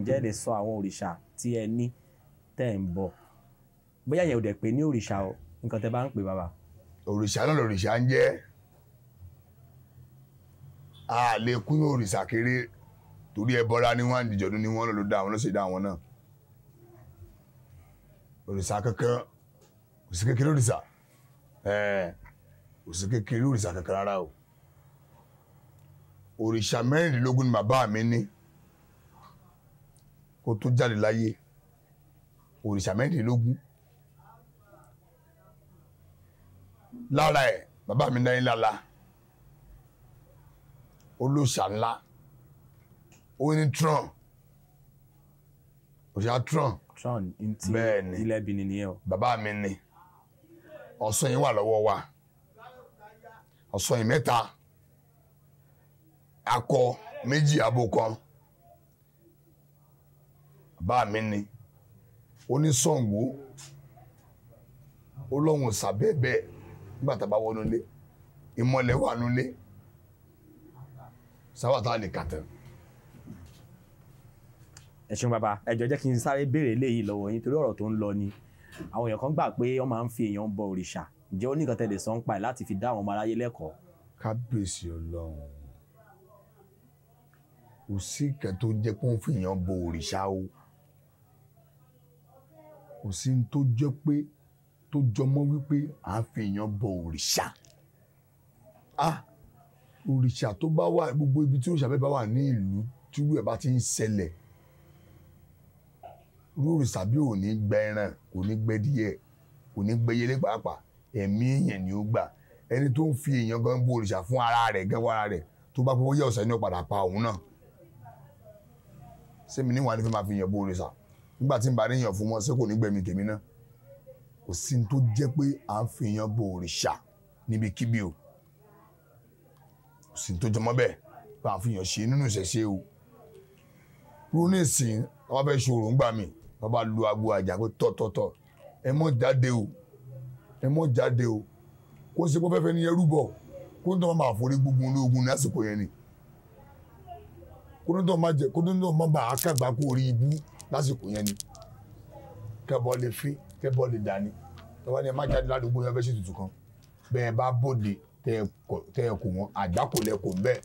ǹjẹ́ ẹ lè sọ àwọn òrìṣà tí ẹ ní tẹ́ ń bọ̀ bóyá yẹn ò dẹ̀ pé ní òrìṣà o nǹkan tẹ́ bá ń pè bàbá. òrìṣà náà lòrìṣà ń jẹ́ a lè kún òrìṣà kéré torí ẹ bọ́ra ní wọ́n àdìjọ́dún ní wọ́n lọ́dọ̀ dá àwọn lọ́sẹ̀ dá àwọn náà òrìṣà kankan kò sí kékeré òrìṣà kò sí kékeré òrìṣà kankan rárá o òrìṣà mẹ́rìndínlógún ni bàbá mi ní kó tó jáde láyé òrìṣà mẹ́rìndínlógún lára ẹ̀ bàbá mi náà ń lála olóòṣà ńlá ó ní tron òṣà tron bẹ́ẹ̀ ni ilẹ̀ Benin ni ẹ̀ o bàbá mi ni ọ̀sán yìí wà lọ́wọ́ wa ọ̀sán yìí mẹ́ta akọ méjì abo kan bá mi ni oníṣàngó olóhùn sàbẹ́bẹ́ nígbà tá a bá wọnú ilé ìmọ̀lẹ̀ wà nulẹ̀ sáwàtà lè kàtẹ́. ẹ ṣeun bàbá ẹ jọ̀ọ́ jẹ́ kí n sáré béèrè léyìí lọ́wọ́ yín torí ọ̀rọ̀ tó ń lọ ni àwọn èèyàn kan gbà pé wọ́n máa ń fi èèyàn bọ òrìṣà ǹjẹ́ ó ní nǹkan tẹ́lẹ̀ sọ ń pa ẹ̀ láti fi dá àwọn ọmọ aráyé lẹ́kọ̀ọ́. kábíyèsí ọlọ́run kò sí ìkẹ́ tó pé wọ́n fi èèyàn bọ òrìṣà o kò sí ní tó jẹ́ pé tó jọmọ́ wípé à ń fi èèyàn bọ òrìṣà ah òrìṣà tó bá wà gbogbo ibi tí òrìṣà bẹ́ẹ̀ bá wà ní ìlú tí irú ẹ̀ bá ti ń ṣẹlẹ̀ irú òrìṣà bí ò ní gbẹ ẹran kò ní gbẹ díẹ̀ kò ní gbẹ yẹlé pàápàá ẹ̀mí èèyàn ni ó gbà ẹni tó ń fi èèyàn gan bọ òrìṣà fún ara rẹ̀ gan wára rẹ̀ tó bá pọ́wọ́ yẹ ọ̀sẹ̀ ní ọ̀padà pa òun náà sẹ́mi níwọ̀n á máa fi èèyàn bọ òrìṣà nígbà tí n bá níyàn fún wọn ṣé kò ní gbẹ̀mí tèmi náà kò sí ní tó jẹ́ pé à ń fi yan bo òrìṣà níbi kíbi o kò sí ní tó jọmọ́ bẹ́ẹ̀ pé à ń fi yan ṣe nínú ìṣẹ̀ṣe o rúnìsìn wọn bá ṣòro ń gbà mí wọn bá lu agbo àjà pé tọ̀tọ̀tọ̀ ẹ mọ̀ jáde o ẹ mọ̀ jáde o kó ṣe pé fẹ́fẹ́ ní ẹrú bọ̀ kó ní tó máa forí gbogbo ológun ní àsìkò yẹn ni kó ní tó máa kàgbá kó orí ibú lásìkò yẹn ni kẹbọ lè fi kẹbọ lè dání tọ́wọ́ ni ẹ má jáde ládùúgbò yẹn fẹ́ sí tutù kan bẹ́ẹ̀ bá bòde tẹ́ ẹ kò wọ́n àgbákò lẹ kò ń bẹ́ẹ̀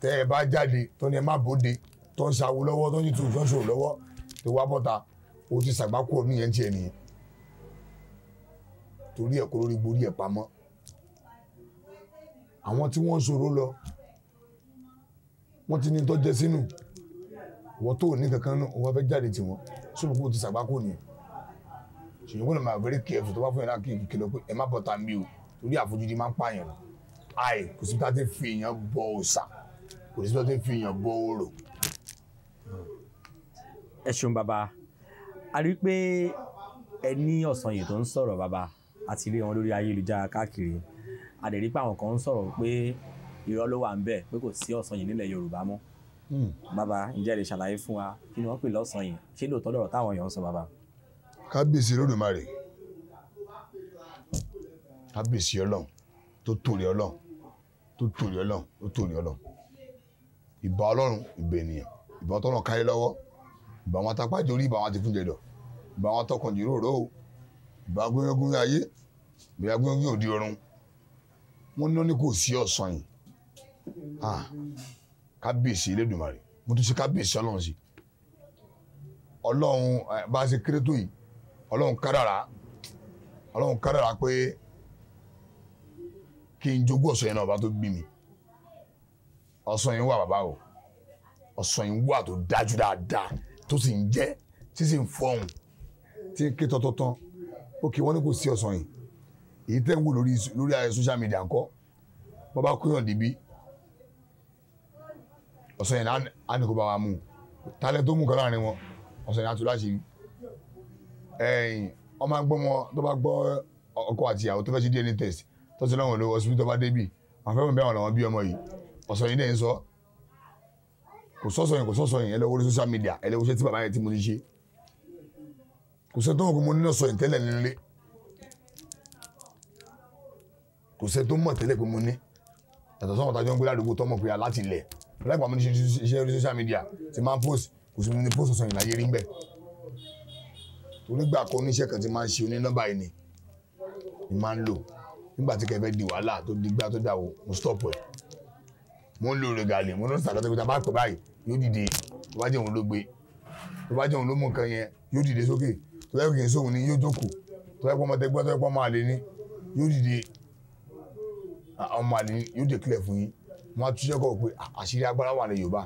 tẹ́ ẹ bá jáde tọ́ ni ẹ má bòde tọ́ ń sawo lọ́wọ́ tọ́ ń tutù tọ́ ń ṣòro lọ́wọ́ tó wá bọ́ta o ti sàgbákò níyẹn tiẹ̀ nìyẹn torí ẹ̀ kó lórí gborí ẹ̀ pamọ́ àwọn tí wọ́n ń lọ wọ́n ti ní tọ́jẹ́ sínú wọ́n tó ní kankan náà wọ́n fẹ́ jáde tiwọn sóbi kó o ti sàgbákò nìyẹn ṣèyí wọ́n lè máa very careful tó bá fún yẹn láti kìlọ̀ pé ẹ má bọ́ta mi o torí àfojúdi máa ń pààyàn lọ àì kò sí pátí fi èèyàn bọ òòṣà kò sí pátí fi èèyàn bọ òòrò. ẹ ṣeun bàbá a rí i pé ẹ ní ọ̀sán yìí tó ń sọ̀rọ̀ bàbá àti ilé wọn lórí ayélujára káàkiri a dẹ̀ rí pé àwọn kan ń sọ̀rọ̀ pé irọ́ ló wà ń bẹ̀ pé kò sí ọ̀sán yìí nílẹ̀ Yorùbá mọ́ Hmm. bàbá ǹjẹ́ lè ṣàlàyé fún wa kí ni wọ́n pè lọ́sàn-án yìí ṣé lóòótọ́ lọ́rọ̀ táwọn èèyàn ń sọ bàbá. kábíyèsí lódùmarè kábíyèsí ọlọ́run tó tòrí ọlọ́run tó tòrí ọlọ́run tó tòrí ọlọ́run ìbà ọlọ́run ìbà ènìyàn ìbà tọ́lọ̀ káyé lọ́wọ́ ìbà wọn tapá jórí ìbà wọn ti fún jẹdọ̀ ìbà wọn tọkàn jíròrò o ìbà gbẹ́gbẹ́gbẹ́ ayé ìbà kábíyèsí elédùnmarè mo tún ṣe kábíyèsí ọlọ́run sí ọlọ́run bá a ṣe kéré tó yìí ọlọ́run kádàrá ọlọ́run kádàrá pé kí n jogún ọ̀sán yẹn náà bá tó bí mi ọ̀sán yẹn wà bàbá o ọ̀sán yẹn wà tó dájú dáadáa tó sì ń jẹ́ tí sì ń fọ́hùn tí ń ké tọ́tọ́tán ó kí wọ́n ní kò sí ọ̀sán yìí èyí tẹ́ ń wò lórí lórí social media ńkọ́ bọ́ bá kóyàn dìbí ọ̀sẹ̀ yẹn á ní kó bá wa mú tálẹ̀ tó mú kan láàrin wọn ọ̀sẹ̀ yẹn á tú láti ẹ̀yìn ọmọ agbọ́mọ tó bá gbọ́ ọkọ àti ìyàwó tó fẹ́ ṣe DNA test tó ti lọ́wọ́ lọ hospital tó bá débì àwọn fẹ́ràn bẹ́ẹ̀ wọn làwọn bí ọmọ yìí ọ̀sọ̀ yìí dẹ̀ sọ kò sọ́sọ̀ yìí kò sọ́sọ̀ yìí ẹ lọ social media ẹ lọ wo ṣe tí bàbá yẹn ti mo ti ṣe kò sẹ́ tó mọ̀ pé mo ní ọ̀sọ̀ yìí tẹ́lẹ̀ nílé kò sẹ́ tó mọ̀ láìpẹ́ àmọ́ iṣẹ́ orí social media ti máa ń post kò sí ní post ọ̀sán ìlàyé rí ń bẹ̀ torí gbà kó oníṣẹ́ kan ti máa ń ṣe onínọ́mbà yìí ni ni máa ń lò nígbà tí kẹfẹ́ di wàhálà tó di gbá tó dà wò mo stop ẹ̀ mo ń lo rẹ̀gàlì mo ń lọ́sà lọ́sẹ̀ pé tá a bá pè báyìí yóò dìde tó bá jẹ́ òun ló gbé tó bá jẹ́ òun ló mú nǹkan yẹn yóò dìde sókè tó bá yẹ kì í sóhun ni yóò jókòó tó bá yẹ kó ọmọ tẹgbẹ́ tó yẹ kó ọmọ àlè ni yóò dìde ọmọ àlè ni yóò dé wọn á túnṣe kọ́ pé ah, àṣírí agbára wà ní yorùbá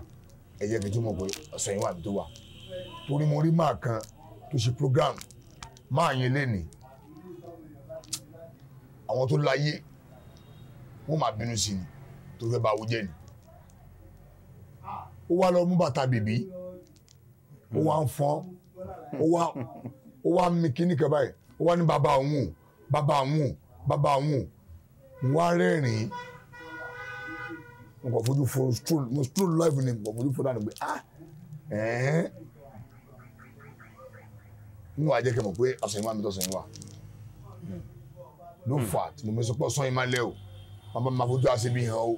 ẹ jẹ́ kí n tún mọ̀ pé ọ̀sán yìí wà ní tó wà torí mo rí máa kan tó ṣe program máa yẹn lẹ́nìí àwọn tó láyé wọ́n máa bínú sí ni tó fẹ́ bá wújẹ́ ni ó wá lọ mú bàtà bèbí ó wá ń fọ́n ó wá mi kíní kan báyìí ó wá ní bàbá òun bàbá òun bàbá òun wá rẹ́rìn-ín nkɔfojufo stroll mo stroll live ni nkɔfojufo náà ni pé ah ɛɛn n wà jẹ́ kí n mọ̀ pé ọ̀sẹ̀ yìí wà mí tọ̀sẹ̀ yìí wà ló fà tí mo sọ pé ọ̀sán yìí máa lẹ́ o bàbá mi máa fojú àṣẹ bí hàn o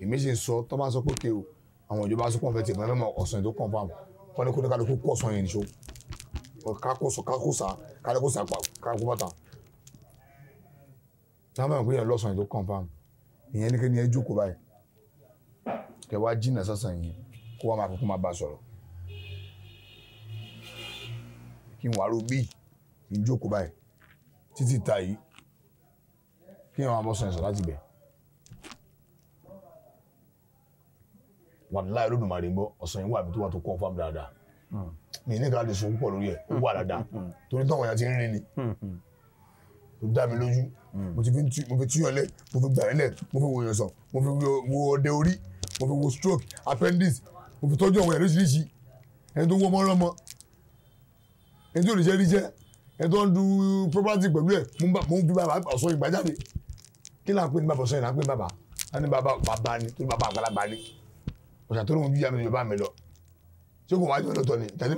èmi sì ń sọ tó bá sọ pé ké o àwọn ìjọba sọ pé ọ̀fẹ́ tèmi mẹ́mọ̀ ọ̀sán yìí tó kàn fáwọn kọ́ ní kó ní kálukú kó ọ̀sán yìí nìṣó kákóso kákósa kálukú sàpà kákó bàtà táwọn mẹ́mọ̀ pé yẹn lọ́sàn yìí tó kàn fáwọn ìyẹn ní ni ẹ jókòó báyìí kẹ wá jìnnà sọ̀sán yìí kó wá máa kúkú máa bá sọ̀rọ̀ kí n wá rú bíi kí n jókòó báyìí títí ta yìí kí n wá bọ́ sọ̀rọ̀ láti bẹ̀. wàláì olódùmarè ń bọ̀ ọ̀sán yìí wà mí tó wà tó kọ́ fáwọn dáadáa hmm. mi ní ká lè sọ púpọ̀ lórí ẹ̀ ó wà dáadáa hmm. torí táwọn èèyàn ti rí ni tó hmm. dá mi lójú Mm. mo ti fi ń tú mo fi túyọ̀lẹ̀ mo fi gbàrẹ́ lẹ̀ mo fi wo ìyọ̀sọ̀ mo fi wo ọdẹ orí mo fi wo stroke appendix mo fi tọ́jú àwọn ẹ̀rọ oríṣiríṣi ẹni tó ń wọ́n mọ́ lọ́mọ ẹni tó lè jẹ́ rí jẹ́ ẹni tó ń du property pẹ̀lú ẹ̀ mo ń fi bàbá ọ̀sọ́ ìgbà jáde kí là ń pè ní bàbá ọ̀sọ́ ìlà ń pè ní bàbá á ní bàbá bàbá ni tó ní bàbá àgbàlagbà ni ọ̀sà tó lóun yíyá mi ni bàbá mi lọ tí kò wájú ọ̀dọ̀ tọ̀ ni tàbí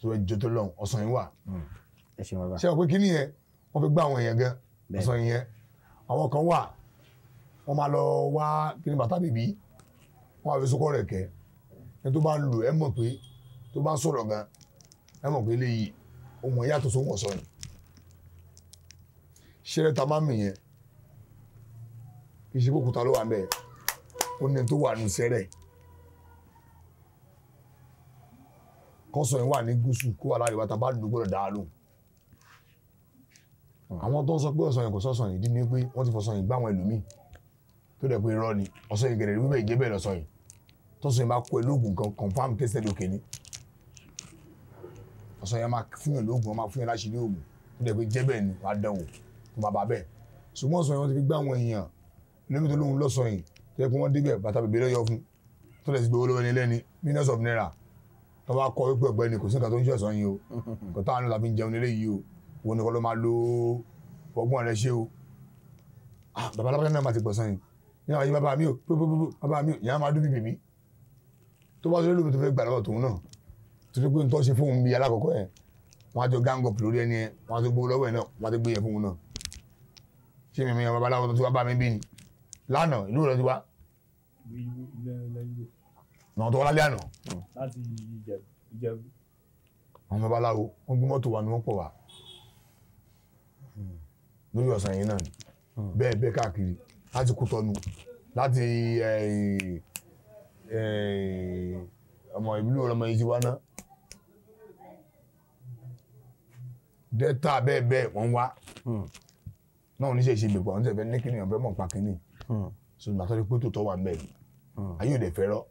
tó ẹjọ́ tó lọ́hùn ọ̀sán yìí wà. Hmm. ṣé o pé kí ni yẹn wọ́n fi gbá àwọn èèyàn gan ọ̀sán yìí yẹn àwọn kan wà wọ́n máa lọ wá kí ni bàtà bèbí wọ́n á fi sókọ́ rẹ̀ kẹ́ ẹni tó bá ń lò ẹ mọ̀ pé tó bá ń sọ̀rọ̀ gan ẹ mọ̀ pé eléyìí ohun ẹ̀yà tó sóhun ọ̀sán ni ṣẹlẹ̀ ta máa mì yẹn kì í ṣe kókòtà ló wà ń bẹ̀ ó ní tó wà nù sẹ́rẹ̀ kọ́sọ̀ yẹn wà ní gúúsù kó wà láríwá tá a bá dùn gbọ́dọ̀ dáa lóhùn. àwọn tó ń sọ pé ọ̀sán yẹn kò sọ̀sán yìí dídí pé wọ́n ti fọ̀sán yìí gbá àwọn ẹlòmíì tó dẹ̀ pé irọ́ ni ọ̀sán yìí gẹ̀rẹ̀ wíwẹ̀ ìjẹ́bẹ̀ lọ́sán yìí tọ́sán yìí bá kó ẹ kan confam tested òkè ni ọ̀sán yẹn máa fún yẹn lóògùn máa fún yẹn láṣìírí òògùn tó dẹ̀ pé jẹ́bẹ̀ ni wàá dánwò tó bàbá bẹ́ẹ̀ ṣùgbọ́n ọ̀sán yẹn wọ́n ti fi gbá àwọn èèyàn lómi tó lóhun lọ́sàn yìí tó yẹ kó wọ́n débẹ̀ of naira tó bá kọ wípé ọ̀gbẹ́ni kò sí nǹkan tó ń ṣẹ̀sán yìí o kò táwọn ọ̀nà tàbí ń jẹun nílé yìí o wo ni kọ́ ló máa lo ọgbọ́n rẹ ṣe o ah, bàbá alábàjá náà máa ti gbọ̀nsán yìí yàrá yìí bàbá mi o pópópó bàbá mi o yàrá máa dún bíbí mi tó bá sọ lóbi tó fẹ́ gbà lọ́wọ́ tòun náà tó fi pé ń tọ́ ṣe fóun bí alákọ̀ọ́kọ́ yẹn wọ́n á jọ gángọ̀ lórí ẹni yẹn wọ́n á tó gbó lọ́wọ́ yẹn náà wọ́n á tó gbé yẹn fóun náà ṣé mi mi ọmọ babaláwo tó ti wá bá mi bí ni lánàá ìlú rẹ náà tọwọ́ lálẹ́ àná. láti Ìjẹ̀bú. àwọn babaláwo wọ́n gbé mọ́tò wa ni wọ́n pọ̀ wá hmm. lórí ọ̀sán yìí náà ni hmm. bẹ́ẹ̀ bẹ́ẹ̀ káàkiri láti Kútọ́nù láti eh, eh, ọmọ ìbílẹ̀ ọmọ yìí ti wá ná dẹ́ta bẹ́ẹ̀ bẹ́ẹ̀ wọ́n wá hmm. náà oníṣẹ́ ìṣègbè pọ̀ àwọn tẹ̀fẹ́ ní kíni ọ̀bẹ mọ̀ pa kíni ṣùgbọ́n àtọ́jú pé tòótọ́ wà ń bẹ̀ ayé òde fẹ́ràn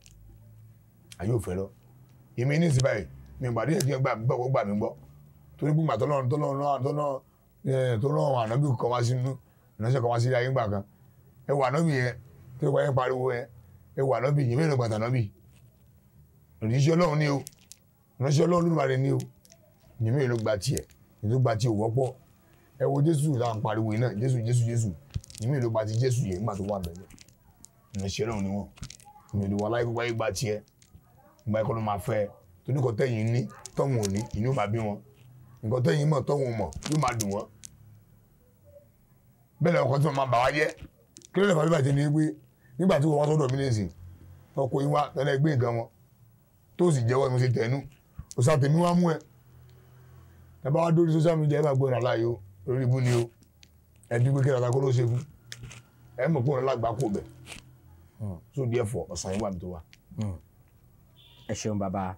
ayé ò fẹ́ lọ èmi ní ìsìn báyìí mi gbàdé ẹ̀ tí wọ́n gbà mí gbọ́ kó gbà mí gbọ́ torí gbogbo àtọ́lọ́run tọ́lọ́run ànábì kan wá sínú ìránṣẹ́ kan wá sí ayé ńgbà kan ẹ wà ànábì yẹn tí ó wáyé pariwo ẹ ẹ wà ànábì yẹn mélòó gbàtà ànábì ìránṣẹ́ ọlọ́run ni o ìránṣẹ́ ọlọ́run ló rẹ̀ ni o yẹn mélòó gba tiẹ̀ yẹn tó gba tiẹ̀ wọ́pọ̀ ẹ wo jésù là ń pariwo yìí náà jésù jésù jésù yẹn mélòó gba ti jésù yẹn nígbà tó wà bẹ̀rẹ̀ ìránṣẹ́ ọlọ́run ni wọ́n ìrìnàjò wà láyé gbogbo ayé gba tiẹ̀ ìgbà ẹ̀kọ́ ló máa fẹ́ ẹ torí nǹkan tẹ́yìn ní tọ́hún ò ní ìní ò máa bí wọn nǹkan tẹ́yìn mọ̀ tọ́hún mọ̀ yóò máa dùn wọ́n bẹ́ẹ̀ lọ́wọ́ kan tí wọ́n máa bà wá jẹ́ kí ló lè fà bí bàjẹ́ ni pé nígbà tí wọ́n wá sọ́dọ̀ mí lẹ́sìn ọkọ̀ yín wá tẹ́lẹ̀ gbé nǹkan wọn tó sì jẹ́wọ́ mi sí tẹ̀nu òsà tèmi wá mú ẹ ẹ bá wá dórí social media ẹ bá gbọ́dọ̀ láàyè lórí ibú ni o ẹ dúpẹ́ pé òun hmm. so therefore ọ̀sán yín wà ní tó wà. é babá.